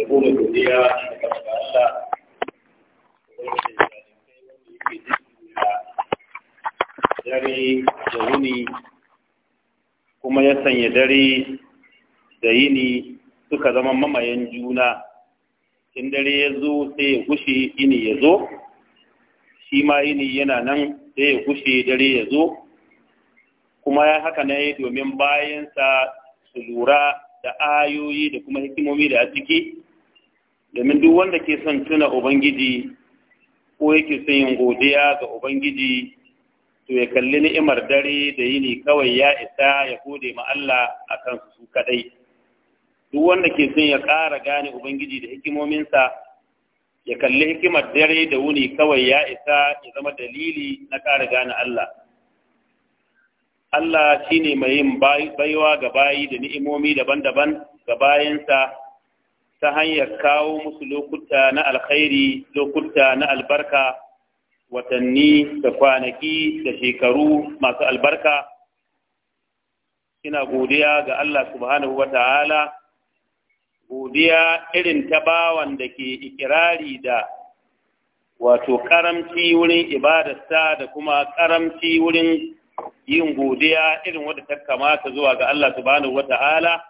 da goma da da dare da wuni kuma ya sanya dare da yini suka zama mamayen juna in dare ya zo sai ya gushe ini ya zo shi ma ini yana nan sai ya gushe dare ya zo kuma ya haka yi domin bayansa su lura da ayoyi da kuma hikimomi da a ciki domin duk wanda ke son tuna ubangiji ko yake son yin godiya ga ubangiji to ya kalli ni'imar dare da yini kawai ya isa ya gode ma Allah a kansu su kadai duk wanda ke son ya ƙara gane ubangiji da hikimominsa ya kalli hikimar dare da wuni kawai ya isa ya zama dalili na ƙara gane Allah Allah shine mai yin baiwa ga bayi da ni'imomi daban-daban ga bayansa ta hanyar kawo musu lokuta na alkhairi lokuta na albarka watanni da kwanaki da shekaru masu albarka ina godiya ga Allah subhanahu wa ta'ala godiya irin ta bawan da ke ikirari da wato karamci wurin ibadarsa da kuma karamci wurin yin godiya irin wadda ta kamata zuwa ga Allah subhanahu wa ta'ala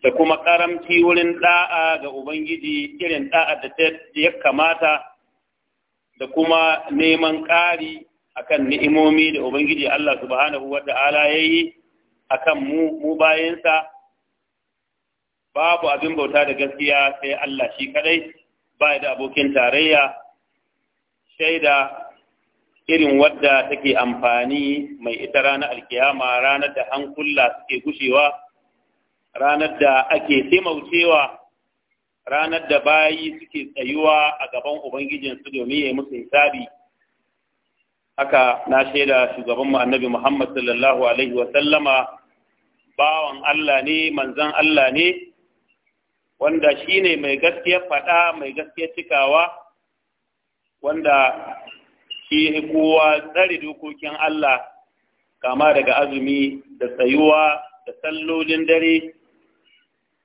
da kuma karamci wurin da'a ga Ubangiji irin da'a da ya kamata da kuma neman ƙari akan ni'imomi da Ubangiji Allah subhanahu wa ta'ala ya yi akan mu mu bayansa babu abin bauta da gaskiya sai Allah shi kadai ba da abokin tarayya shaida irin wadda take amfani mai ita ranar alkiyama ranar da hankula suke gushewa ranar da ake taimaucewa ranar da bayi suke tsayuwa a gaban ubangijinsu domin ya yi musu hisabi haka na shaida shugabanmu annabi muhammad sallallahu alaihi sallama, bawan allah ne manzan allah ne wanda shi ne mai gaskiya faɗa mai gaskiya cikawa wanda shi kowa tsare dokokin allah kama daga azumi da tsayuwa da sallolin dare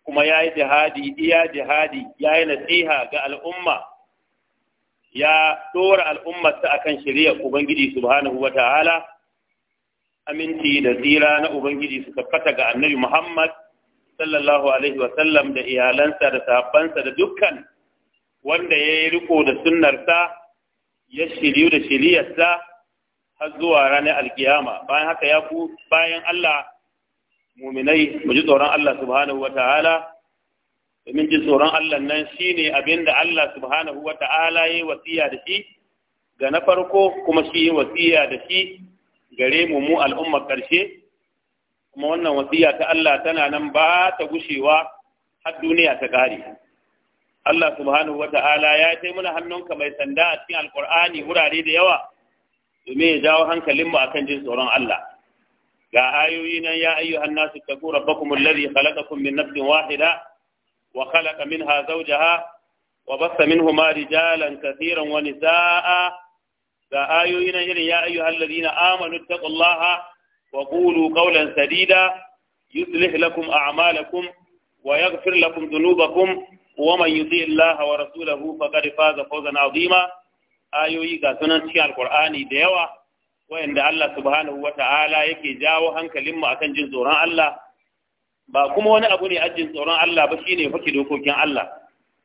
kuma ya yi jihadi iya jihadi ya yi nasiha ga al'umma ya ɗora al'ummarsa a kan shari'ar Ubangiji subhanahu wa ta'ala aminci da tsira na Ubangiji su tabbata ga annabi Muhammad sallallahu alaihi wa sallam da iyalansa da sahabbansa da dukkan wanda ya yi riko da sunnarsa ya shiryu da shiryarsa, har zuwa ranar alkiyama bayan haka ya ku bayan Allah muminai mu ji tsoron Allah subhanahu wa ta'ala domin ji tsoron Allah nan shine abin da Allah subhanahu wa ta'ala ya wasiya da shi ga na farko kuma shi ya wasiya da shi gare mu mu al'ummar ƙarshe kuma wannan wasiya ta Allah tana nan ba ta gushewa har duniya ta ƙare Allah subhanahu wa ta'ala ya kai mana hannunka mai sanda a cikin alƙur'ani wurare da yawa domin ya jawo hankalinmu akan jin tsoron Allah ga ayoyi nan ya ayyuhan nasu taqu rabbakum alladhi khalaqakum min nafsin wahida wa khalaqa minha zawjaha wa bassa minhuma rijalan katiran wa nisaa ga ayoyi nan irin ya ayyuhal ladina amanu taqullaha wa qulu qawlan sadida yuslih lakum a'malakum wa yaghfir lakum dhunubakum ومن يطيع الله ورسوله فقد فاز فوزا عظيما ayoyi ga sunan cikin alkur'ani da yawa wayanda Allah subhanahu wa ta'ala yake jawo hankalin mu akan jin tsoron Allah ba kuma wani abu ne ajin tsoron Allah ba shine fake dokokin Allah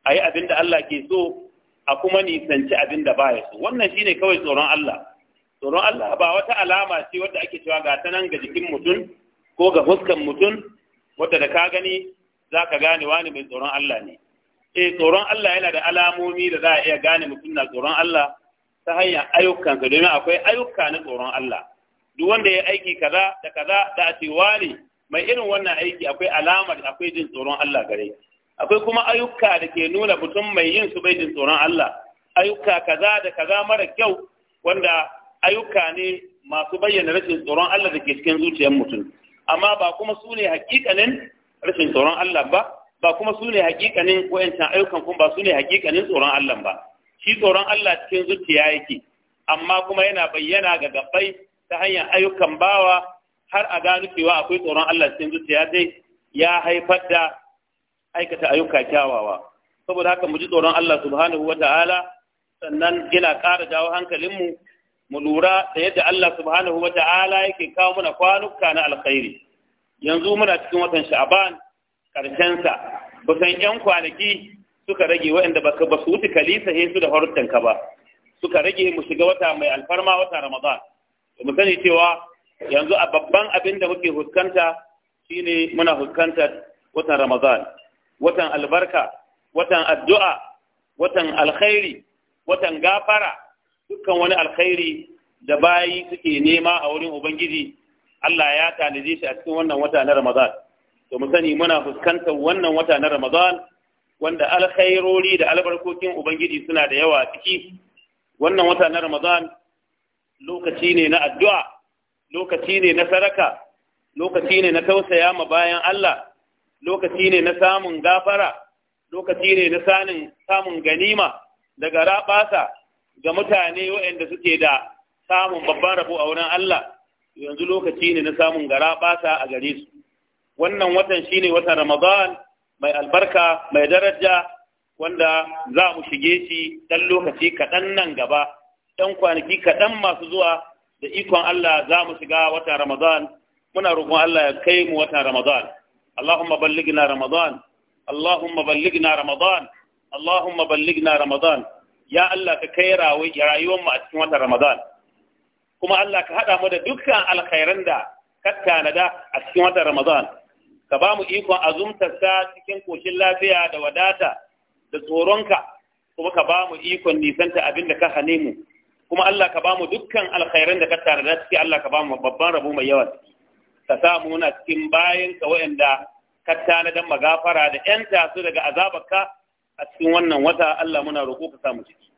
ayi abin da Allah ke so a kuma nisanci abin da baya so wannan shine kawai tsoron Allah tsoron Allah ba wata alama ce wadda ake cewa ga ta nan ga jikin mutum ko ga fuskan mutum wadda da ka gani za ka gane wani mai tsoron Allah ne eh tsoron Allah yana da alamomi da za a iya gane mutum na tsoron Allah ta hanyar ka domin akwai ayyuka na tsoron Allah duk wanda ya aiki kaza da kaza da a wani mai irin wannan aiki akwai alamar akwai jin tsoron Allah gare akwai kuma ayyuka da ke nuna mutum mai yin su bai jin tsoron Allah ayyuka kaza da kaza mara kyau wanda ayyuka ne masu bayyana rashin tsoron Allah da ke cikin zuciyar mutum amma ba kuma su ne hakikanin rashin tsoron Allah ba ba kuma su ne hakikanin wayancan ayyukan kuma ba su ne hakikanin tsoron Allah ba shi tsoron Allah cikin zuciya yake amma kuma yana bayyana ga gabbai ta hanyar ayyukan bawa har a gano cewa akwai tsoron Allah cikin zuciya dai ya haifar da aikata ayyuka kyawawa saboda haka mu ji tsoron Allah subhanahu wataala sannan yana ƙara dawo hankalinmu mu lura da yadda Allah subhanahu wataala yake kawo mana kwanuka na alkhairi yanzu muna cikin watan sha'aban sa kusan 'yan kwanaki suka rage waɗanda ba su wuce kalisa he su da ka ba suka rage mu shiga wata mai alfarma wata ramadan mu sani cewa yanzu a babban abin da muke fuskanta shine muna fuskantar watan ramadan watan albarka watan addu'a watan alkhairi watan gafara dukkan wani alkhairi da bayi suke nema a wurin ubangiji Allah ya tanaje shi a cikin wannan wata na ramadan to mu sani muna fuskantar wannan wata na ramadan wanda alkhairori da albarkokin ubangiji suna da yawa ciki wannan wata na ramadan lokaci ne na addu'a lokaci ne na saraka lokaci ne na tausaya ma bayan Allah lokaci ne na samun gafara lokaci ne na sanin samun ganima daga rabasa ga mutane waɗanda suke da samun babban rabo a wurin Allah yanzu lokaci ne na samun gara a gare su wannan watan shine watan Ramadan mai albarka mai daraja wanda za mu shige shi ɗan lokaci kaɗan nan gaba ɗan kwanaki kaɗan masu zuwa da ikon Allah za mu shiga watan Ramadan muna roƙon Allah ya kai mu watan Ramadan Allahumma ballighna Ramadan Allahumma ballighna Ramadan Allahumma ballighna Ramadan ya Allah ka kai rayuwar mu a cikin watan Ramadan kuma Allah ka haɗa mu da dukkan alkhairan da ka tanada a cikin watan Ramadan ka ba mu ikon azumtarsa cikin koshin lafiya da wadata da tsoronka kuma ka ba mu ikon nisanta abin da ka hane mu kuma Allah ka ba mu dukkan alkhairan da ka tare da ciki Allah ka ba mu babban rabo mai yawa ciki ka sa mu na cikin bayan ka wa'anda ka tanadan magafara da yan tasu daga azabarka a cikin wannan wata Allah muna roƙo ka sa mu ciki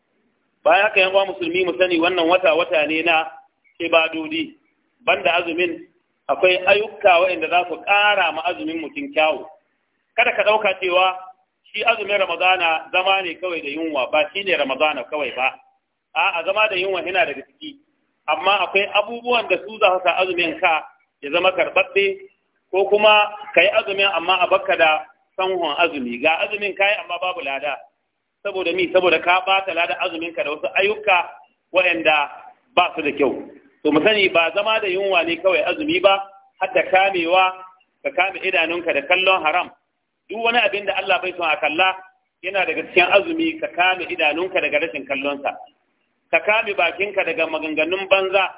bayan haka yan uwa musulmi mu sani wannan wata wata ne na ibadodi banda azumin akwai ayyuka waɗanda za su ƙara ma azumin mutum kyawu kada ka ɗauka cewa shi azumin ramadana zama ne kawai da yunwa ba shi ne ramadana kawai ba a zama da yunwa yana daga ciki amma akwai abubuwan da su za su sa azumin ka ya zama karɓaɓɓe ko kuma ka yi azumin amma a bakka da sanhon azumi ga azumin yi amma babu lada saboda mi saboda ka ɓata lada azumin ka da wasu ayyuka waɗanda ba su da kyau to mu sani ba zama da yunwa ne kawai azumi ba hatta kamewa ka kame idanunka da kallon haram duk wani abin da Allah bai son a kalla yana daga cikin azumi ka kame idanunka daga rashin kallonsa ka kame bakinka daga maganganun banza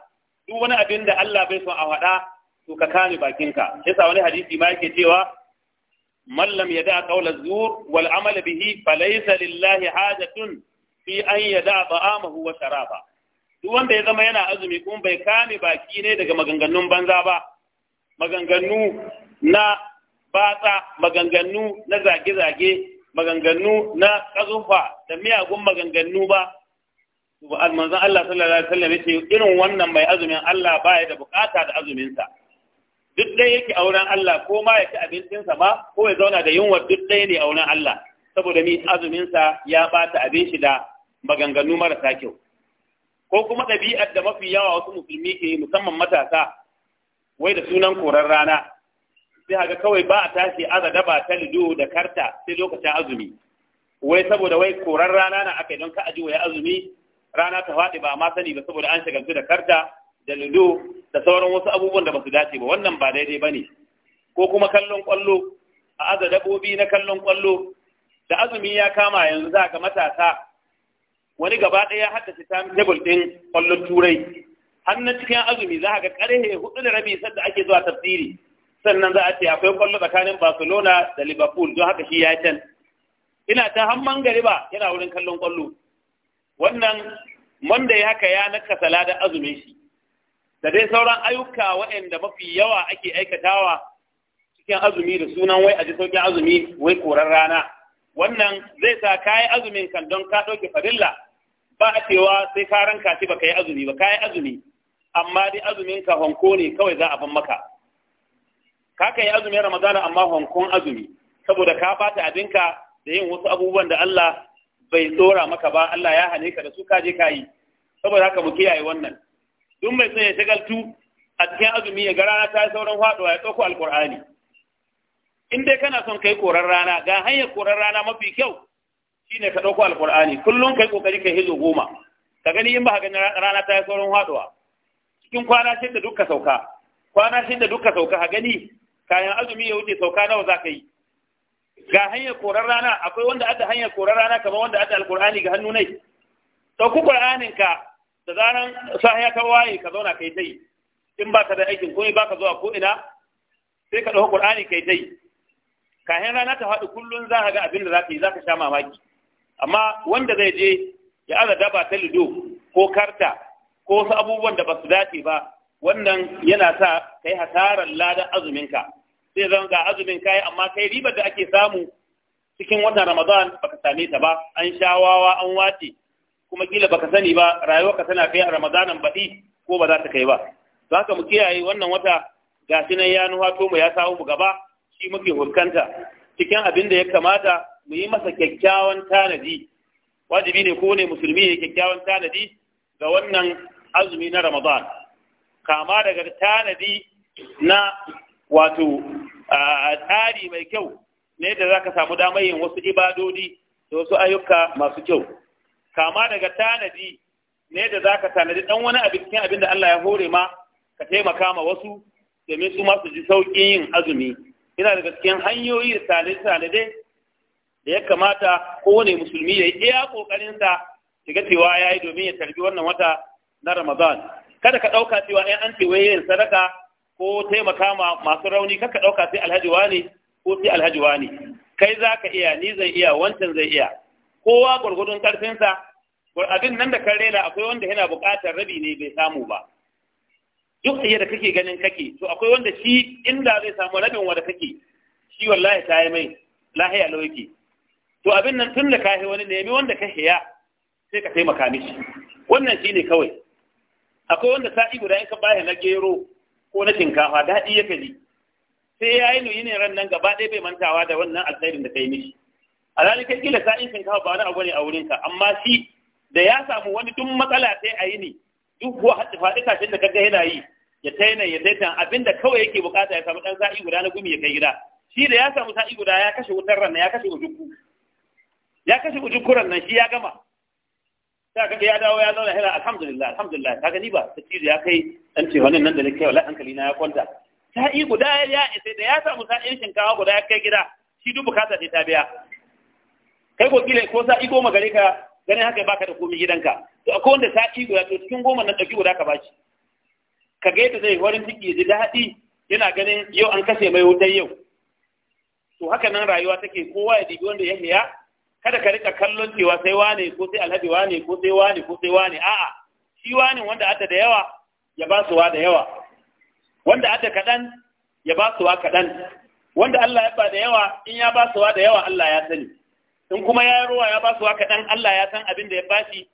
duk wani abin da Allah bai son a faɗa to ka kame bakinka yasa wani hadisi ma yake cewa man lam yada qawla zur wal amala bihi falaysa lillahi hajatun fi an yada ta'amahu wa sharaba duk wanda ya zama yana azumi kuma bai kame baki ne daga maganganun banza ba maganganu na batsa maganganu na zage-zage maganganu na kazufa da miyagun maganganu ba manzon Allah sallallahu alaihi wasallam yace irin wannan mai azumin Allah baya da bukata da azuminsa duk dai yake a wurin Allah ko ma ya ci abincinsa ma ko ya zauna da yunwa duk dai ne a wurin Allah saboda ni azuminsa ya bata abin shi da maganganu marasa kyau ko kuma ɗabi'ar da mafi yawa wasu musulmi ke musamman matasa wai da sunan koran rana sai haka kawai ba a tashi aza ba ta lido da karta sai lokacin azumi wai saboda wai koran rana na aka don ka aji wai azumi rana ta faɗi ba ma sani ba saboda an shagaltu da karta da lido da sauran wasu abubuwan da ba su dace ba wannan ba daidai ba ne ko kuma kallon kwallo a aza dabobi na kallon kwallo da azumi ya kama yanzu za ka matasa wani gaba ɗaya ya haddace tebul ɗin ƙwallon turai Hannun cikin azumi za a ga ƙarhe hudu da rabi sadda ake zuwa tafsiri sannan za a ce akwai ƙwallo tsakanin barcelona da liverpool don haka shi ya can ina ta hamman gariba yana wurin kallon ƙwallo wannan monday haka ya nakasa ladan azumi shi da dai sauran ayyuka waɗanda mafi yawa ake aikatawa cikin azumi da sunan wai a ji sauƙin azumi wai koran rana wannan zai sa kayi azumin kan don ka ɗauke farilla ba a cewa sai ka ranka ba ka yi azumi ba ka yi azumi amma dai azumin ka honko ne kawai za a ban maka ka ka yi azumin ramadana amma honkon azumi saboda ka bata abinka da yin wasu abubuwan da Allah bai tsora maka ba Allah ya hane ka da su ka je ka yi saboda haka mu kiyaye wannan duk mai son ya shagaltu a cikin azumi ya ga rana ta yi sauran faduwa ya al alkur'ani in dai kana son kai koran rana ga hanyar koran rana mafi kyau shine ka ɗauku alkur'ani kullum kai kokari kai hizo goma ka gani in ba ka gani rana ta yi sauran haɗuwa cikin kwana shida duka sauka kwana shida duka sauka ka gani kayan azumi ya wuce sauka nawa za ka yi ga hanyar korar rana akwai wanda adda hanyar korar rana kamar wanda adda alkur'ani ga hannu nai Ɗauku qur'anin ka da zaran sahiya ta waye ka zauna kai tai in ba ka da aikin ko ba ka zuwa ko ina sai ka ɗauki qur'ani kai tai kayan rana ta haɗu kullum za ka ga abin da za ka yi za ka sha mamaki amma wanda zai je ya aza daba ta lido ko karta ko wasu abubuwan da ba su dace ba wannan yana sa ka yi hasarar ladan azuminka sai zan ga azumin kayi amma kai ribar da ake samu cikin watan ramadan baka same ta ba an sha wawa an wace kuma kila baka sani ba rayuwarka tana kai a ramadanan baɗi ko ba za ta kai ba za ka mu kiyaye wannan wata gashi nan ya nuhato mu ya samu mu gaba shi muke huskanta cikin abin da ya kamata mu yi masa kyakkyawan tanadi wajibi ne ko ne musulmi ya kyakkyawan tanadi ga wannan azumi na Ramadan kama daga tanadi na wato tsari mai kyau ne da za ka samu damar yin wasu ibadodi da wasu ayyuka masu kyau kama daga tanadi ne da za ka tanadi ɗan wani abin abin da Allah ya hore ma ka taimaka ma wasu domin su masu ji sauƙin yin azumi Ina daga cikin hanyoyi da tanade da ya kamata kowane musulmi ya yi iya ƙoƙarinsa shiga cewa ya yi domin ya tarbi wannan wata na Ramadan. Kada ka ɗauka cewa ‘yan an ce yin sadaka ko taimaka ma masu rauni kaka ɗauka sai alhaji wani ko sai alhaji wani. Kai za ka iya, ni zai iya, wancan zai iya. Kowa gwargwadon ƙarfinsa, abin nan da kan rena akwai wanda yana buƙatar rabi ne bai samu ba. Duk iya da kake ganin kake, to akwai wanda shi inda zai samu rabin wanda kake, shi wallahi ta yi mai lahiya lauki. to abin nan tun da ka yi wani nemi wanda ka hiya sai ka taimaka mishi wannan shine kawai akwai wanda sa'i guda in ka na gero ko na shinkafa daɗi ya kaji sai ya yi nuyi ne ran nan gaba ɗaya bai mantawa da wannan alkhairin da ka yi mishi alhali kai kila sa'in shinkafa ba wani abu ne a wurinka amma shi da ya samu wani duk matsala sai a yi ne duk kuwa faɗi kashin da kaga yana yi ya taina ya daita abinda kawai yake bukata ya samu ɗan sa'i guda na gumi ya kai gida shi da ya samu sa'i guda ya kashe wutar ran ya kashe ujuku ya kashe kuran nan shi ya gama ta kaga ya dawo ya zauna hira alhamdulillah alhamdulillah Ta gani ba tafsiri ya kai dan ce wannan nan da nake wallahi hankali na ya kwanta sa'i guda ya sai da ya samu irin shinkawa guda ya kai gida shi duk bukata ta biya kai ko kile ko sa'i goma magare ka ganin haka baka da komai gidanka to akwai wanda sa'i guda to cikin goma nan dauki guda ka baci ka ga yadda zai warin ciki ji daɗi yana ganin yau an kashe mai wutar yau to haka nan rayuwa take kowa ya dibi wanda ya hiya kada ka rika kallon cewa sai wane ko sai alhaji wane ko sai wane ko sai wane a'a shi wane wanda ata da yawa ya ba suwa da yawa wanda ata kaɗan ya ba suwa kaɗan wanda Allah ya ba da yawa in ya ba suwa da yawa Allah ya sani in kuma ya ruwa ya ba suwa kaɗan Allah ya san abin da ya bashi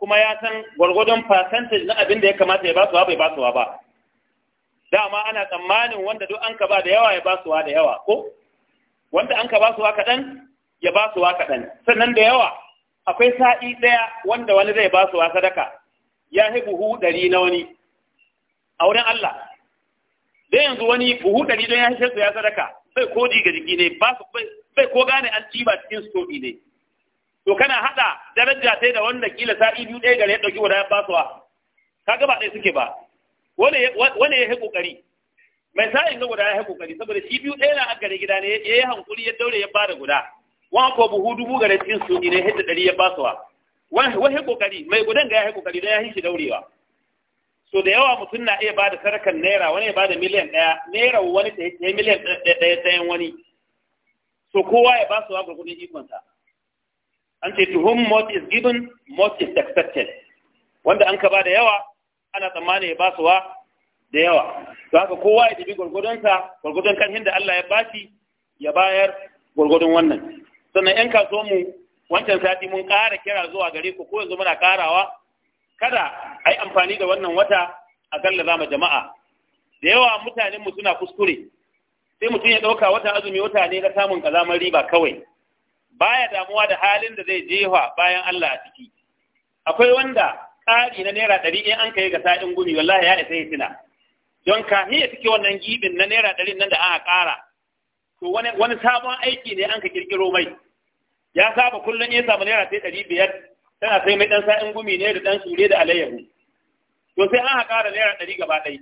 kuma ya san gwargwadon percentage na abin da ya kamata ya ba suwa bai ba suwa ba dama ana tsammanin wanda duk an ka ba da yawa ya ba suwa da yawa ko wanda an ka ba suwa kaɗan ya ba su wa kaɗan sannan da yawa akwai sa'i ɗaya wanda wani zai ba su wa sadaka ya hi buhu ɗari na wani a wurin Allah dai yanzu wani buhu ɗari don ya hi su ya sadaka sai ko ga jiki ne ba su ko gane an ciba cikin stoɗi ne to kana haɗa daraja sai da wanda kila sa'i biyu ɗaya gare ya ɗauki wa ya ba su wa kaga ba ɗaya suke ba wani ya yi ƙoƙari mai sa'in ga guda ya yi ƙoƙari saboda shi biyu ɗaya na a gare gida ne ya yi hankuri ya daure ya ba da guda wan ko buhu dubu ga cikin su ne hidda dari ya basuwa wani kokari mai gudan ga ya kokari da ya yi shi daurewa so da yawa mutum na iya ba da sarakan naira wani ya bada miliyan ɗaya naira wani ta yi miliyan ɗaya ɗayan wani so kowa ya ba su wa gurgurin ikonsa an ce to whom much is given much is accepted. wanda an ka ba da yawa ana tsammanin ya ba su wa da yawa to haka kowa ya dibi gurgurunsa gurgurun kan da Allah ya shi ya bayar gurgudun wannan sannan yan kasuwar mu wancan sati mun ƙara kira zuwa gare ku ko yanzu muna ƙarawa kada a yi amfani da wannan wata a kan ma jama'a da yawa mutanen mu suna kuskure sai mutum ya ɗauka wata azumi wata ne na samun ƙazamar riba kawai baya damuwa da halin da zai jefa bayan Allah a ciki akwai wanda tsari na naira ɗari in an kai ga sa'in gumi wallahi ya isa ya tuna don kafin ya cike wannan gibin na naira ɗari nan da aka ƙara to wani sabon aiki ne an ka kirkiro mai ya saba kullum ya samu naira sai ɗari biyar tana sai mai ɗan sa'in gumi ne da ɗan sure da alayyahu to sai an haƙara naira ɗari gaba ɗai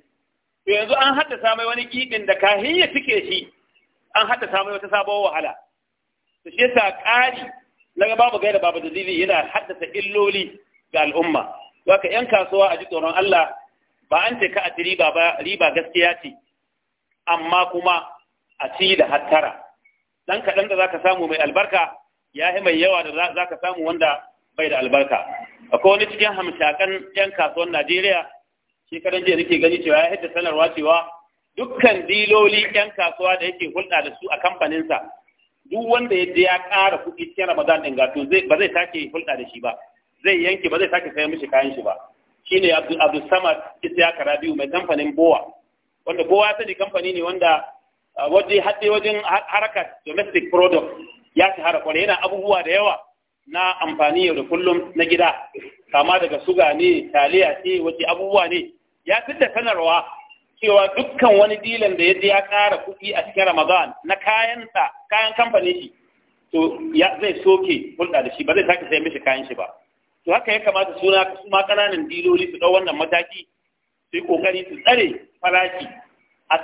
to yanzu an haddasa mai wani giɓin da kahiyya ya shi an haddasa mai wata sabuwar wahala to shi yasa ƙari na babu gaira babu dalili yana haddasa illoli ga al'umma haka yan kasuwa a ji tsoron Allah ba an ce ka a ci riba ba riba gaskiya ce amma kuma a ci da hattara dan kaɗan da za ka samu mai albarka ya yi mai yawa da za ka samu wanda bai da albarka akwai wani cikin hamshakan yan kasuwan najeriya shekaran jiya nake gani cewa ya hidda sanarwa cewa dukkan diloli yan kasuwa da yake hulɗa da su a kamfaninsa duk wanda ya je ya ƙara kuɗi cikin ramadan ɗin gato ba zai sake hulɗa da shi ba zai yanke ba zai sake sayan mishi kayan shi ba shine abdul samad isya karabiu mai kamfanin bowa wanda kowa ya sani kamfani ne wanda waje hadde wajen domestic product ya shahara kwarai yana abubuwa da yawa na amfani yau da kullum na gida kama daga suga ne taliya ce wace abubuwa ne ya fi da sanarwa cewa dukkan wani dilan da yadda ya ƙara kuɗi a cikin ramadan na kayansa kayan kamfani shi to ya zai soke hulɗa da shi ba zai sake sai mishi kayan shi ba to haka ya kamata suna su ma ƙananan diloli su ɗau wannan mataki su yi ƙoƙari su tsare farashi a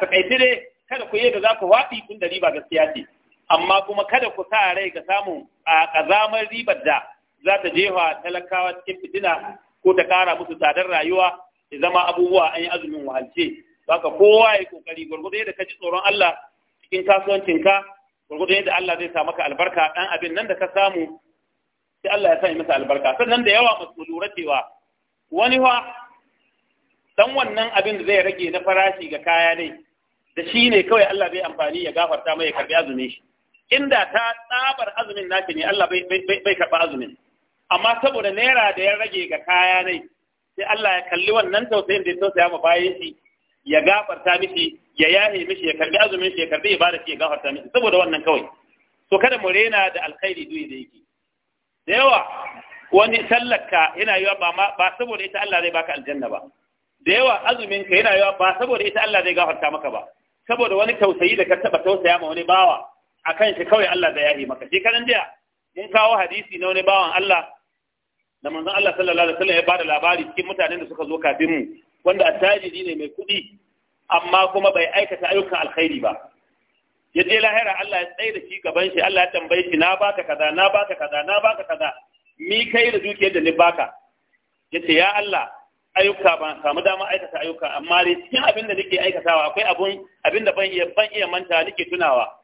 takaice dai kada ku yi da za ku waɗi kun da riba gaskiya ce amma kuma kada ku sa rai ga samun a ƙazamar ribar da za ta jefa talakawa cikin fitina ko ta ƙara musu tsadar rayuwa ya zama abubuwa an yi azumin wahalce ka kowa ya kokari gwargwado yadda ka ji tsoron Allah cikin kasuwancinka gwargwado yadda Allah zai sa maka albarka ɗan abin nan da ka samu sai Allah ya sa masa albarka sannan da yawa masu lura cewa wani wa dan wannan abin da zai rage na farashi ga kaya ne da shi ne kawai Allah zai amfani ya gafarta mai ya karbi azumin shi inda ta tsabar azumin naki ne Allah bai karɓi azumin amma saboda naira da ya rage ga kaya ne sai Allah ya kalli wannan tausayin da ya tausaya ma bayan shi ya gafarta mishi ya yahe mishi ya karbi azumin shi ya karbi ibada shi ya gafarta mishi saboda wannan kawai to kada mu rena da alkhairi duyi da yake da yawa wani sallaka yana yi ba ba saboda ita Allah zai baka aljanna ba da yawa azumin ka yana yi ba saboda ita Allah zai gafarta maka ba saboda wani tausayi da ka taba tausaya ma wani bawa a kan shi kawai Allah da yahi maka shekaran jiya mun kawo hadisi na wani bawan Allah da manzon Allah sallallahu alaihi wasallam ya bada labari cikin mutanen da suka zo kafin mu wanda attajiri ne mai kuɗi amma kuma bai aikata ayyukan alkhairi ba ya je lahira Allah ya tsaye da shi gaban shi Allah ya tambaye shi na baka kaza na baka kaza na baka kaza mi kai da dukiyar da ni baka yace ya Allah ayyuka ban samu dama aikata ayyuka amma dai cikin abin da nake aikatawa akwai abun abin da ban iya ban iya manta nake tunawa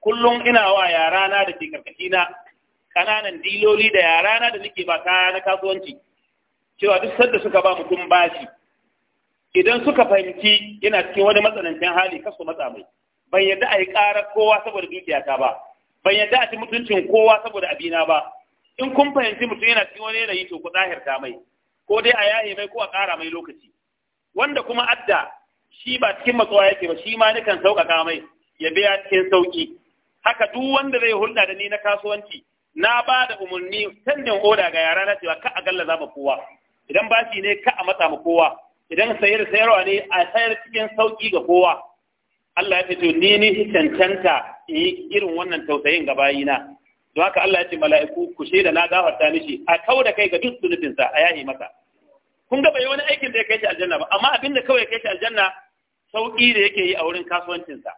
kullum ina wa yarana da ke karkashina ƙananan diloli da yarana da nake ba kaya na kasuwanci cewa duk sadda suka ba mutum bashi idan suka fahimci yana cikin wani matsanancin hali kasu matsa mai ban yadda a yi ƙarar kowa saboda dukiyata ba ban yadda a ci mutuncin kowa saboda abina ba in kun fahimci mutum yana cikin wani yanayi to ku ta mai ko dai a yaye mai ko a ƙara mai lokaci wanda kuma adda shi ba cikin matsuwa yake ba shi ma nikan sauƙaƙa mai ya biya cikin sauƙi haka duk wanda zai hulɗa da ni na kasuwanci na ba da umarni canjin oda ga yara na cewa ka a za mu kowa idan bashi ne ka a matsa mu kowa idan sayar sayarwa ne a sayar cikin sauki ga kowa Allah ya fito ni ni cancanta yi irin wannan tausayin ga bayina don haka Allah ya ce mala'iku ku shaida na gafarta mishi a kawo da kai ga duk zunubinsa a yahi masa kun ga bai wani aikin da ya kai shi aljanna ba amma abin da kawai ya kai shi aljanna sauki da yake yi a wurin kasuwancinsa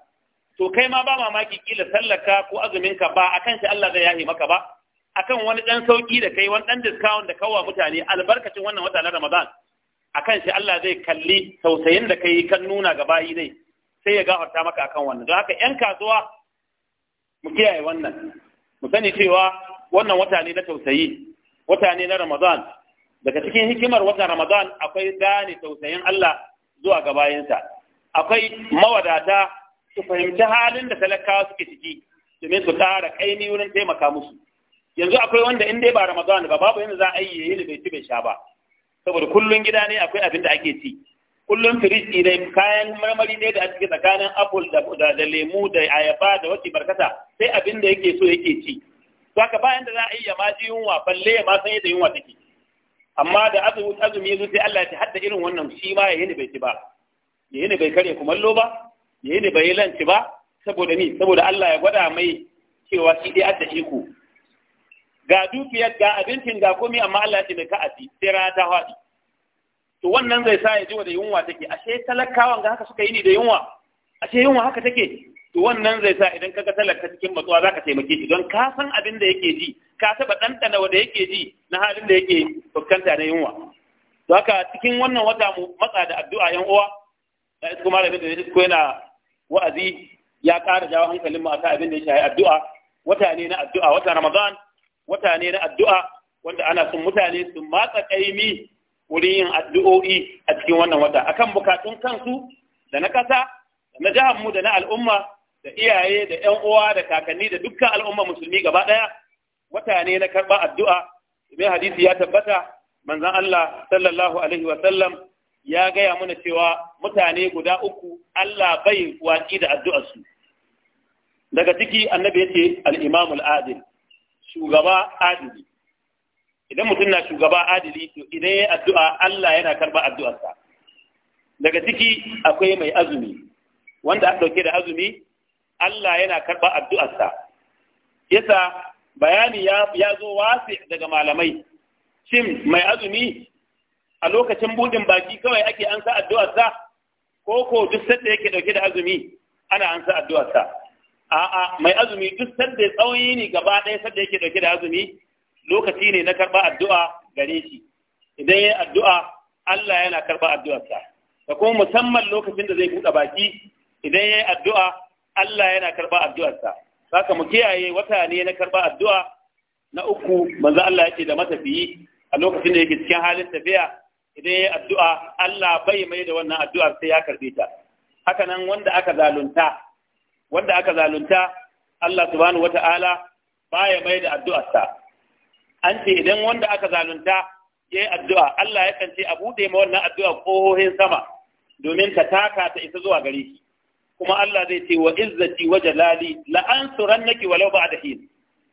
to kai ma ba mamaki kila sallaka ko azumin ka ba akan shi Allah zai yahi maka ba akan wani dan sauki da kai wani dan discount da kawa mutane albarkacin wannan wata na Ramadan akan shi Allah zai kalli tausayin da kai kan nuna ga bayi dai sai ya gafarta maka akan wannan don haka yan kasuwa mu kiyaye wannan mu sani cewa wannan wata ne na tausayi wata ne na Ramadan daga cikin hikimar watan Ramadan akwai gane tausayin Allah zuwa ga bayinsa akwai mawadata su fahimci halin da talakawa suke ciki domin su ƙara ƙaimi wurin taimaka musu yanzu akwai wanda in dai ba ramadan ba babu yanda za a yi yayi da bai ci bai sha ba saboda kullun gida ne akwai abin da ake ci kullun firiji ne kayan marmari ne da a tsakanin apple da da lemu da ayaba da wata barkata sai abin da yake so yake ci to haka ba yanda za a yi ya ma ji yunwa balle ya ma san yadda yunwa take amma da azumi azumi sai Allah ya ta hadda irin wannan shi ma yayi ne bai ci ba yayi ne bai kare kumallo ba ne yi da bai lanci ba saboda ni saboda Allah ya gwada mai cewa shi dai adda iko ga dukiyar ga abincin ga komai amma Allah ya ce a ka'afi sai rana ta faɗi to wannan zai sa ya ji wa da yunwa take ashe talakawan ga haka suka yi ni da yunwa ashe yunwa haka take to wannan zai sa idan kaga talaka cikin matsuwa zaka taimake shi don ka san abin da yake ji ka taba ɗanɗana wanda yake ji na halin da yake fuskanta na yunwa to haka cikin wannan wata mu matsa da addu'a yan uwa da isko malamin da isko yana wa'azi ya ƙara jawo hankalin a abin da ya shafi addu'a wata ne na addu'a wata Ramadan wata ne na addu'a wanda ana son mutane su matsa ƙaimi wurin yin addu'o'i a cikin wannan wata akan bukatun kansu da na ƙasa da na jihar mu da na al'umma da iyaye da ƴan uwa da kakanni da dukkan al'umma musulmi gaba ɗaya wata ne na karɓar addu'a Ibn hadisi ya tabbata manzon Allah sallallahu alaihi wa sallam ya gaya mana cewa mutane guda uku Allah bai watsi da addu'arsu daga ciki annabi yace al adil shugaba adili idan mutum na shugaba adili to idan ya addu'a Allah yana karba addu'arsa daga ciki akwai mai azumi wanda aka dauke da azumi Allah yana karba addu'arsa yasa bayani ya ya zo wasi daga malamai shin mai azumi a lokacin buɗin baki kawai ake ansa addu'ar sa ko ko duk sanda yake dauke da azumi ana ansa addu'ar sa a'a mai azumi duk sanda tsawon ne gaba ɗaya sanda yake dauke da azumi lokaci ne na karba addu'a gare shi idan ya addu'a Allah yana karɓa addu'arsa da kuma musamman lokacin da zai buɗe baki idan ya addu'a Allah yana karɓa addu'arsa saka mu kiyaye wata ne na karba addu'a na uku manzo Allah yake da matafiyi a lokacin da yake cikin halin tafiya idan ya addu'a Allah bai mai da wannan addu'ar sai ya karbe ta haka nan wanda aka zalunta wanda aka zalunta Allah subhanahu wata'ala baya mai da addu'ar ta an ce idan wanda aka zalunta ya yi addu'a Allah ya kance a buɗe ma wannan addu'a ƙohohin sama domin ta taka ta isa zuwa gare shi kuma Allah zai ce wa izzati wa jalali la ansurannaki walau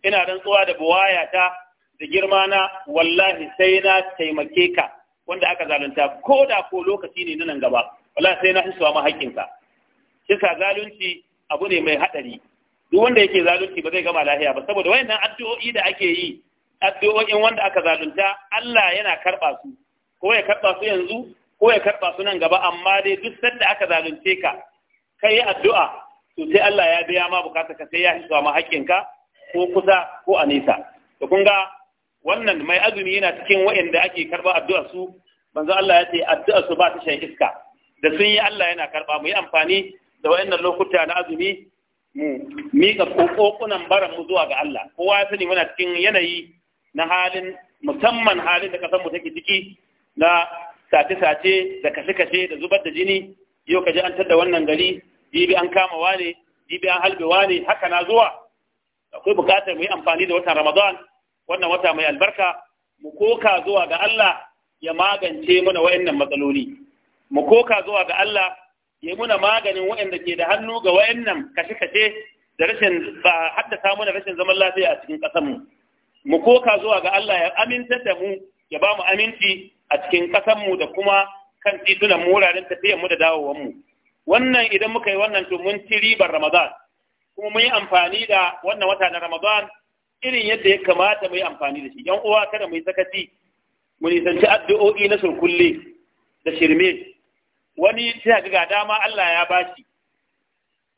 ina rantsuwa da buwayata da girma na wallahi sai na taimake ka wanda aka zalunta ko da ko lokaci ne nan gaba wallahi sai na hisuwa ma haƙƙinsa kisa zalunci abu ne mai haɗari duk wanda yake zalunci ba zai gama lahiya ba saboda wayannan addu'o'i da ake yi addu'o'in wanda aka zalunta Allah yana karba su ko ya karɓa su yanzu ko ya karba su nan gaba amma dai duk sanda aka zalunce ka kai yi addu'a to sai Allah ya biya ma bukata ka sai ya hisuwa ma ka ko kusa ko a nesa to kun ga wannan mai azumi yana cikin wa'anda ake karɓa addu'a su manzo Allah ya ce addu'a su ba ta shan iska da sun yi Allah yana karɓa. mu yi amfani da waɗannan lokuta na azumi mu mika kokokunan baran mu zuwa ga Allah kowa ya sani muna cikin yanayi na halin musamman halin da kasar mu take ciki na sace-sace da kashe-kashe da zubar da jini yau ka ji an tadda wannan gari jibi an kama wane jibi an halbe wane haka na zuwa akwai bukatar mu yi amfani da watan ramadan wannan wata mai albarka mu koka zuwa ga Allah ya magance mana wayannan matsaloli mu koka zuwa ga Allah ya muna maganin wayanda ke da hannu ga wayannan kashe-kashe da rashin ba haddasa mana rashin zaman lafiya a cikin ƙasar mu mu koka zuwa ga Allah ya aminta da mu ya ba mu aminci a cikin ƙasar mu da kuma kan titunan mu wuraren tafiyar mu da dawowar mu wannan idan muka yi wannan to mun ci ribar Ramadan kuma mun yi amfani da wannan wata na Ramadan irin yadda ya kamata mu yi amfani da shi yan uwa kada mu yi sakaci mu nisanci addu'o'i na surkulle da shirme wani sai ga dama Allah ya bashi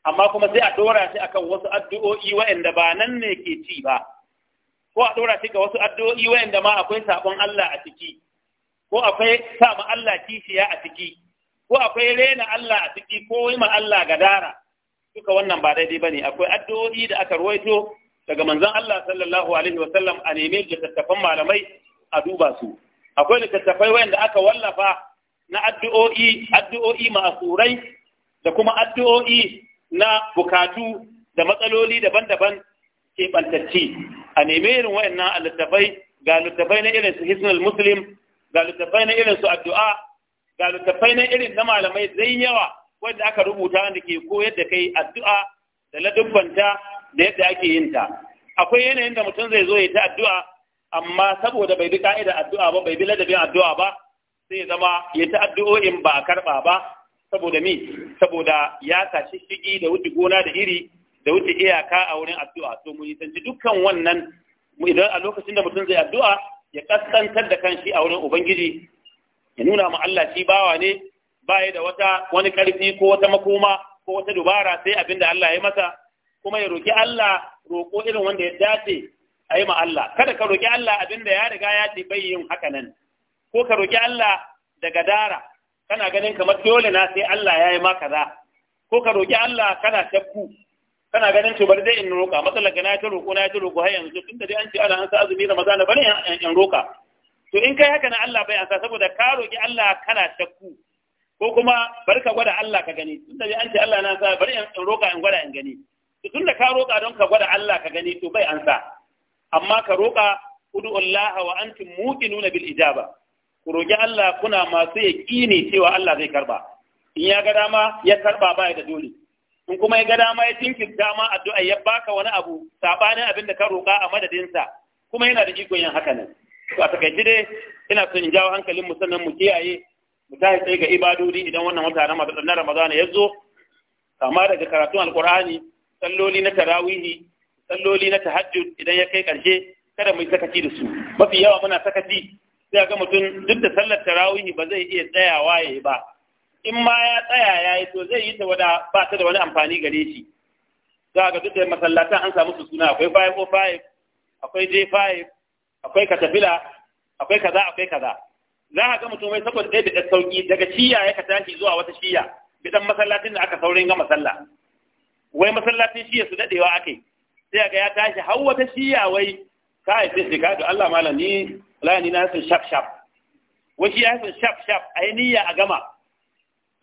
amma kuma sai a dora shi akan wasu addu'o'i waɗanda ba nan ne ke ci ba ko a dora shi ga wasu addu'o'i waɗanda ma akwai sabon Allah a ciki ko akwai sa ma Allah kishiya a ciki ko akwai rena Allah a ciki ko yi ma Allah gadara duka wannan ba daidai bane akwai addu'o'i da aka ruwaito daga manzon Allah sallallahu alaihi wa a neme littattafan malamai a duba su akwai littattafai wanda aka wallafa na addu'o'i addu'o'i ma'asurai da kuma addu'o'i na bukatu da matsaloli daban-daban ke keɓantacci a neme irin wayannan littattafai ga littattafai na irin su hisnul muslim ga littattafai na irin su addu'a ga littattafai na irin na malamai zai yawa wanda aka rubuta da ke koyar da kai addu'a da ladubbanta da yadda ake yin ta akwai yanayin da mutum zai zo ya ta addu'a amma saboda bai bi ka'idar addu'a ba bai bi ladabin addu'a ba sai ya zama ya ta addu'o'in ba a karɓa ba saboda mi saboda ya tashi shigi da wuce gona da iri da wuce iyaka a wurin addu'a to mu yisanci dukkan wannan idan a lokacin da mutum zai addu'a ya kaskantar da kanshi a wurin ubangiji ya nuna ma Allah shi bawa ne baya da wata wani karfi ko wata makoma ko wata dubara sai abin da Allah ya masa kuma ya roƙi Allah roƙo irin wanda ya dace a yi ma Allah kada ka roƙi Allah abin da ya riga ya ce bai yin haka nan ko ka roƙi Allah daga dara, kana ganin kamar dole na sai Allah ya yi ma kaza ko ka roƙi Allah kana shakku kana ganin to bari dai in roƙa matsalar na ta roƙo na ta roƙo har yanzu tun da dai an ce ana an sa azumi maza na bari in roƙa to in kai haka na Allah bai sa saboda ka roƙi Allah kana shakku ko kuma bari ka gwada Allah ka gani tun da dai an ce Allah na sa bari in roƙa in gwada in gani tun da ka roƙa don ka gwada Allah ka gani to bai ansa amma ka roƙa Allah wa antum muqinuna bil ijaba ku roƙi Allah kuna masu yaqini cewa Allah zai karba in ya ga dama ya karba ba da dole in kuma ya ga dama ya tinkirta ma addu'a ya baka wani abu sabanin abin da ka roƙa a madadin sa kuma yana da ikon yin haka nan to a takaice dai ina son in jawo hankalin mu sannan mu kiyaye mu tashi sai ga ibadodi idan wannan wata na Ramadan ya zo kama daga karatun Alqur'ani. salloli na tarawihi salloli na tahajjud idan ya kai karshe kada mu yi sakaci da su mafi yawa muna sakaci sai ga mutum duk da sallar tarawihi ba zai iya tsayawa yayi ba in ma ya tsaya yayi to zai yi ta wada ba ta da wani amfani gare shi za ga duk da masallatan an samu su suna akwai 505 akwai J5 akwai katafila akwai kaza akwai kaza za ka ga mutum mai saboda ɗaya da sauki daga shiya ya ka tashi zuwa wata shiya bidan masallacin da aka saurin gama sallah wai masallacin shiya su dadewa akai sai ga ya tashi har wata shiya wai ka haife shi ka da Allah malam ni ni na san shaf shaf wai shi ya san shaf shaf ai niyya a gama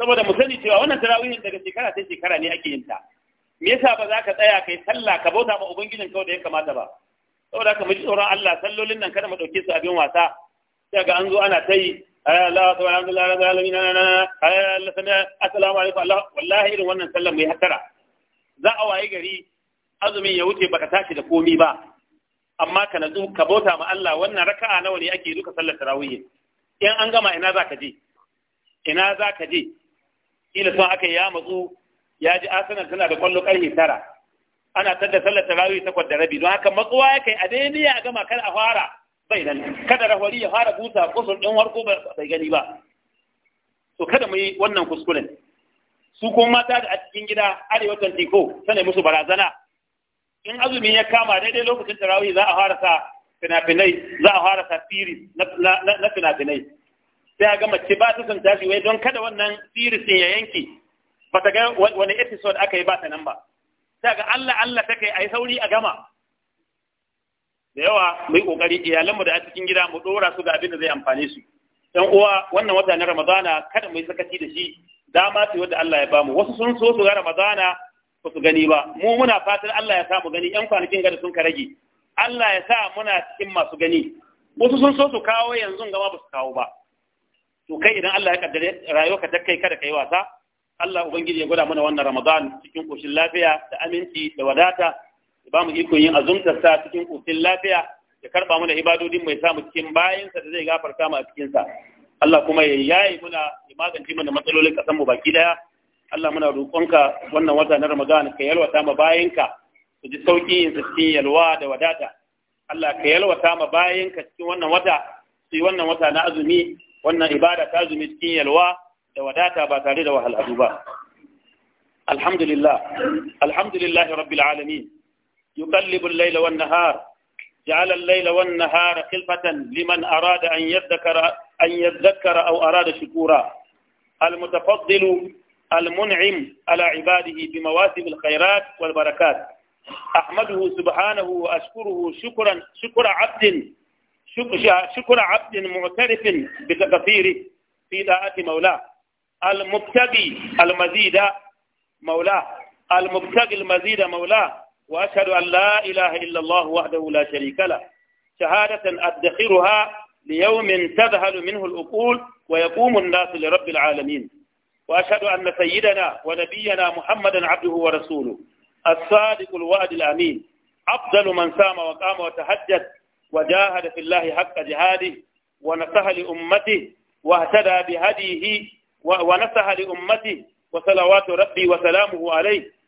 saboda mu sani cewa wannan tarawihin daga shekara sai shekara ne ake yin ta me yasa ba za ka tsaya kai sallah ka bauta ma ubangijin kawai da ya kamata ba saboda ka muji tsoron Allah sallolin nan kada mu dauke su abin wasa sai ga an zo ana ta yi Allah wa alhamdulillah rabbil alamin assalamu alaikum Allah wallahi irin wannan sallar mai hatara za a waye gari azumin ya wuce baka tashi da komi ba amma ka nazu ka bauta ma Allah wannan raka'a nawa ne ake duka sallar tarawih in an gama ina za ka je ina za ka je kila sun aka ya matsu ya ji asanar tana da kwallo karfe tara ana tadda sallar tarawih takwas da rabi don haka matsuwa ya kai a daidai ya gama kar a fara bai nan kada rahori ya fara busa kusur din warko bai gani ba to kada mu yi wannan kuskuren su kuma mata da a cikin gida arewa teko sanai musu barazana in azumi ya kama daidai lokacin tarawih za a fara sa finafinai za a fara sa siri na finafinai sai a gama ce ba ta son tashi wai don kada wannan siris din ya yanke ba ta ga wani episode aka yi ba ta nan ba sai ga Allah Allah ta kai yi sauri a gama da yawa mai kokari iyalanmu da a cikin gida mu dora su ga abin da zai amfane su Ɗan uwa wannan wata na Ramadana kada mu yi sakaci da shi dama ce wadda Allah ya bamu wasu sun so su ga Ramadana ba su gani ba mu muna fatan Allah ya sa mu gani yan kwanakin gada sun ka rage Allah ya sa muna cikin masu gani wasu sun so su kawo yanzu gama ba su kawo ba to kai idan Allah ya kaddare rayuwarka ta kai kada kai wasa Allah ubangiji ya gwada mana wannan Ramadan cikin koshin lafiya da aminci da wadata ya ba mu ikon yin azumtar sa cikin koshin lafiya ya karba mana ibadodin mai samu cikin bayinsa da zai gafarta mu a cikin sa Allah kuma ya yayi muna ya magance mana matsalolin kasan mu baki daya Allah muna roƙonka wannan wata na Ramadan ka yalwata ma bayanka su ji sauki su cikin yalwa da wadata Allah ka yalwata ma bayanka cikin wannan wata su yi wannan wata na azumi wannan ibada ta azumi cikin yalwa da wadata ba tare da wahalhalu ba alhamdulillah alhamdulillahi rabbil alamin yuqallibu al-layla wan nahar جعل الليل والنهار خلفة لمن أراد أن يذكر أن يذكر أو أراد شكورا المتفضل المنعم على عباده بمواسم الخيرات والبركات أحمده سبحانه وأشكره شكرا شكر عبد شكر عبد معترف بتقصيره في داءة مولاه المبتغي المزيد مولاه المبتغي المزيد مولاه وأشهد أن لا إله إلا الله وحده لا شريك له شهادة أدخرها ليوم تذهل منه الأقول ويقوم الناس لرب العالمين وأشهد أن سيدنا ونبينا محمدا عبده ورسوله الصادق الوعد الأمين أفضل من سام وقام وتهجد وجاهد في الله حق جهاده ونصح لأمته واهتدى بهديه ونصح لأمته وصلوات ربي وسلامه عليه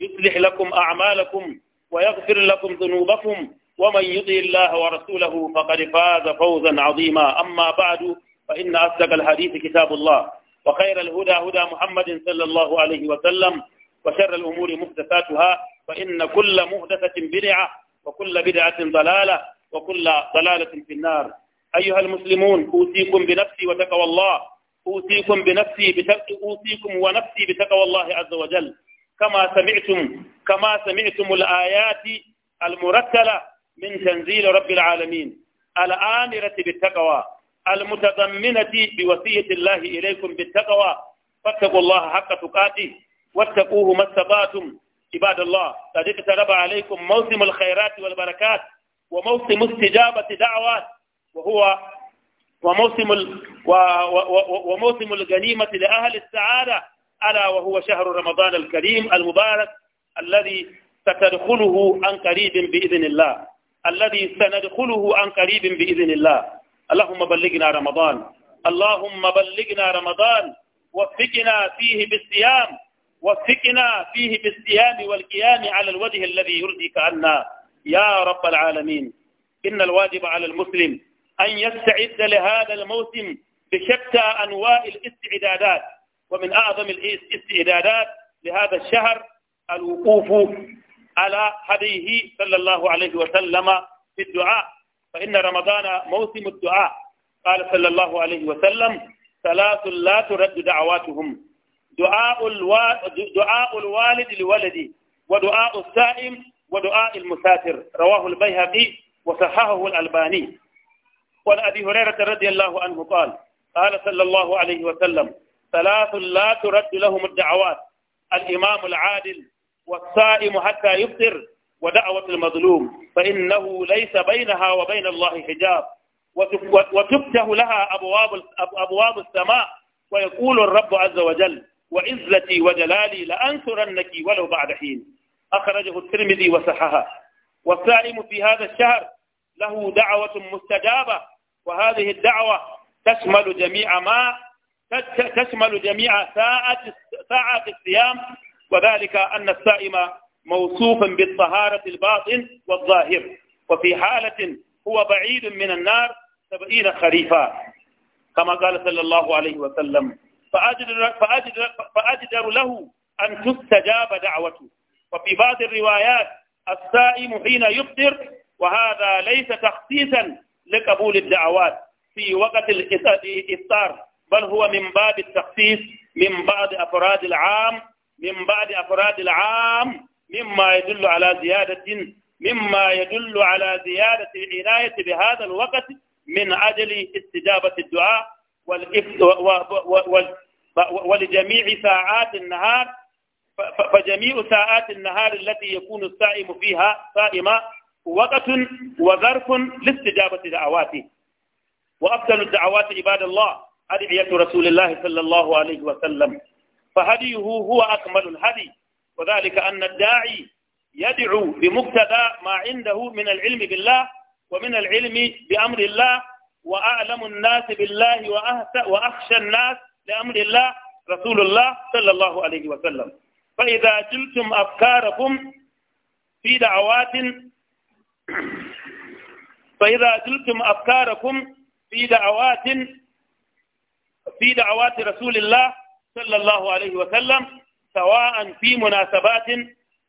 يصلح لكم أعمالكم ويغفر لكم ذنوبكم ومن يطع الله ورسوله فقد فاز فوزا عظيما أما بعد فإن أصدق الحديث كتاب الله وخير الهدى هدى محمد صلى الله عليه وسلم وشر الأمور محدثاتها فإن كل محدثة بدعة وكل بدعة ضلالة وكل ضلالة في النار أيها المسلمون أوصيكم بنفسي وتقوى الله أوصيكم بنفسي أوصيكم ونفسي بتقوى الله عز وجل كما سمعتم كما سمعتم الآيات المرتلة من تنزيل رب العالمين الآمرة بالتقوى المتضمنة بوصية الله إليكم بالتقوى فاتقوا الله حق تقاته واتقوه ما استطعتم عباد الله قد اقترب عليكم موسم الخيرات والبركات وموسم استجابة دعوات وهو وموسم ال... و... و... و... وموسم الغنيمة لأهل السعادة ألا وهو شهر رمضان الكريم المبارك الذي ستدخله عن قريب بإذن الله الذي سندخله عن قريب بإذن الله اللهم بلغنا رمضان اللهم بلغنا رمضان وفقنا فيه بالصيام وفقنا فيه بالصيام والقيام على الوجه الذي يرضيك عنا يا رب العالمين إن الواجب على المسلم أن يستعد لهذا الموسم بشتى أنواع الاستعدادات ومن أعظم الاستعدادات لهذا الشهر الوقوف على هديه صلى الله عليه وسلم في الدعاء فإن رمضان موسم الدعاء قال صلى الله عليه وسلم ثلاث لا ترد دعواتهم دعاء, الوا... دعاء الوالد لولده ودعاء السائم ودعاء المسافر رواه البيهقي وصححه الألباني وعن أبي هريرة رضي الله عنه قال قال صلى الله عليه وسلم ثلاث لا ترد لهم الدعوات الإمام العادل والصائم حتى يفطر ودعوة المظلوم فإنه ليس بينها وبين الله حجاب وتفتح لها أبواب, أبواب السماء ويقول الرب عز وجل وعزتي وجلالي لأنصرنك ولو بعد حين أخرجه الترمذي وصححه والصائم في هذا الشهر له دعوة مستجابة وهذه الدعوة تشمل جميع ما تشمل جميع ساعة الصيام وذلك أن السائم موصوف بالطهارة الباطن والظاهر وفي حالة هو بعيد من النار سبعين خريفا كما قال صلى الله عليه وسلم فأجدر, فأجدر, فأجدر له أن تستجاب دعوته وفي بعض الروايات السائم حين يفطر وهذا ليس تخصيصا لقبول الدعوات في وقت الإفطار بل هو من باب التخصيص من بعض أفراد العام من بعض أفراد العام مما يدل على زيادة مما يدل على زيادة العناية بهذا الوقت من أجل استجابة الدعاء ولجميع ساعات النهار فجميع ساعات النهار التي يكون الصائم فيها صائما وقت وظرف لاستجابة دعواته وأفضل الدعوات عباد الله أدعية رسول الله صلى الله عليه وسلم فهديه هو أكمل الهدي وذلك أن الداعي يدعو بمقتضى ما عنده من العلم بالله ومن العلم بأمر الله وأعلم الناس بالله وأخشى الناس لأمر الله رسول الله صلى الله عليه وسلم فإذا جلتم أفكاركم في دعوات فإذا جلتم أفكاركم في دعوات في دعوات رسول الله صلى الله عليه وسلم سواء في مناسبات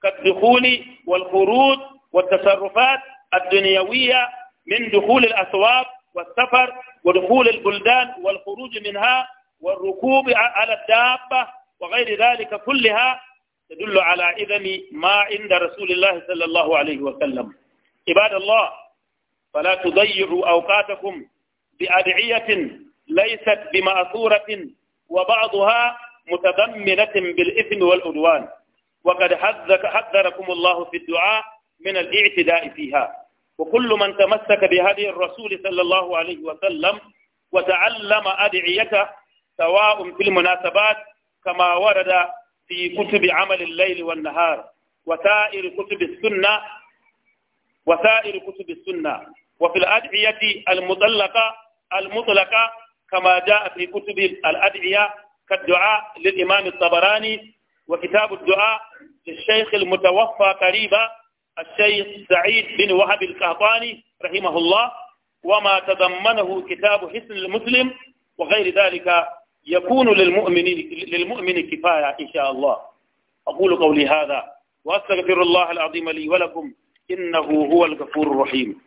كالدخول والخروج والتصرفات الدنيوية من دخول الأسواق والسفر ودخول البلدان والخروج منها والركوب على الدابة وغير ذلك كلها تدل على إذن ما عند رسول الله صلى الله عليه وسلم عباد الله فلا تضيعوا أوقاتكم بأدعية ليست بمأثورة وبعضها متضمنة بالإثم والعدوان وقد حذركم الله في الدعاء من الاعتداء فيها وكل من تمسك بهدي الرسول صلى الله عليه وسلم وتعلم أدعيته سواء في المناسبات كما ورد في كتب عمل الليل والنهار وسائر كتب السنة وسائر كتب السنة وفي الأدعية المطلقة المطلقة كما جاء في كتب الأدعية كالدعاء للإمام الطبراني وكتاب الدعاء للشيخ المتوفى قريبا الشيخ سعيد بن وهب الكهطاني رحمه الله وما تضمنه كتاب حسن المسلم وغير ذلك يكون للمؤمن للمؤمن كفاية إن شاء الله أقول قولي هذا وأستغفر الله العظيم لي ولكم إنه هو الغفور الرحيم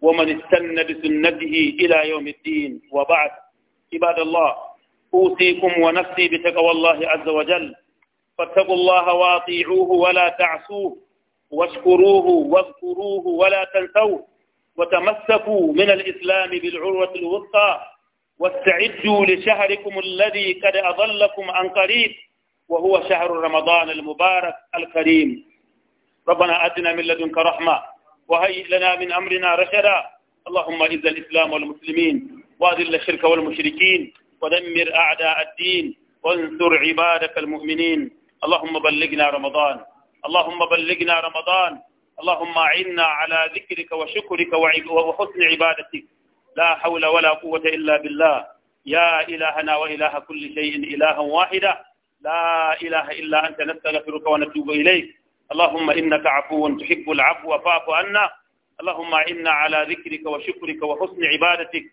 ومن استنى بسنته إلى يوم الدين وبعد عباد الله أوصيكم ونفسي بتقوى الله عز وجل فاتقوا الله واطيعوه ولا تعصوه واشكروه واذكروه ولا تنسوه وتمسكوا من الإسلام بالعروة الوثقى واستعدوا لشهركم الذي قد أظلكم عن قريب وهو شهر رمضان المبارك الكريم ربنا أتنا من لدنك رحمة وهيئ لنا من أمرنا رشدا اللهم إذ الإسلام والمسلمين وأذل الشرك والمشركين ودمر أعداء الدين وانصر عبادك المؤمنين اللهم بلغنا رمضان اللهم بلغنا رمضان اللهم أعنا على ذكرك وشكرك وحسن عبادتك لا حول ولا قوة إلا بالله يا إلهنا وإله كل شيء إلها واحدا لا إله إلا أنت نستغفرك ونتوب إليك اللهم إنك عفو تحب العفو فاعف عنا اللهم إنا على ذكرك وشكرك وحسن عبادتك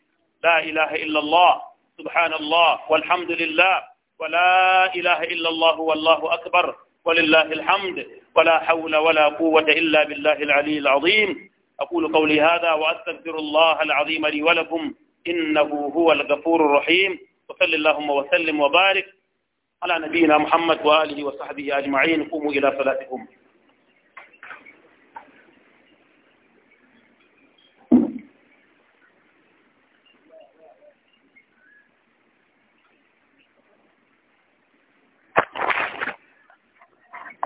لا إله إلا الله سبحان الله والحمد لله ولا إله إلا الله والله أكبر ولله الحمد ولا حول ولا قوة إلا بالله العلي العظيم أقول قولي هذا وأستغفر الله العظيم لي ولكم إنه هو الغفور الرحيم وصل اللهم وسلم وبارك على نبينا محمد وآله وصحبه أجمعين قوموا إلى صلاتكم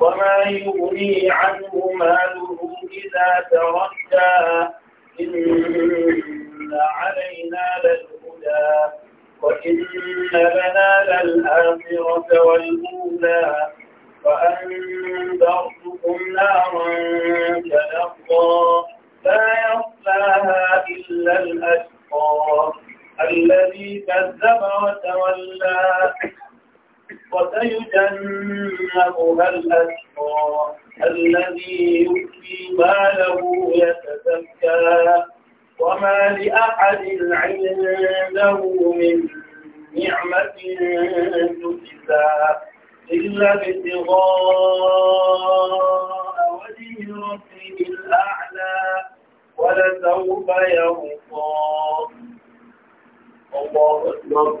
وما يغني عنه ماله إذا تردى إن علينا للهدى وإن لنا للآخرة والأولى فأنذرتكم نارا تلقى لا يصلاها إلا الأشقى الذي كذب وتولى وسيجنبها الأشقى الذي يؤتي ماله يتزكى وما لأحد عنده من نعمة تجزى إلا ابتغاء وجه ربه الأعلى ولسوف يرضى الله أكبر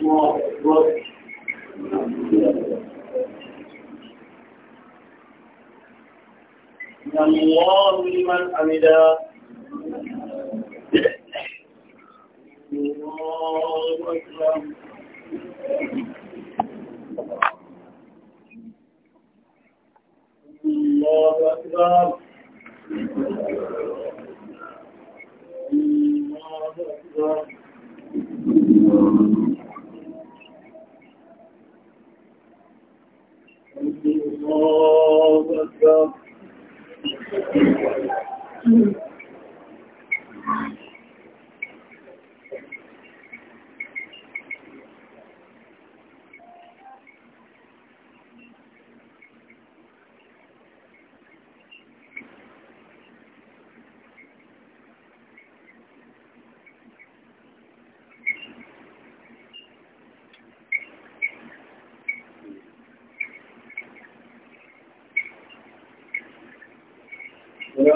more work. الله لمن حمده الله أكبر الله أكبر الله أكبر الله أكبر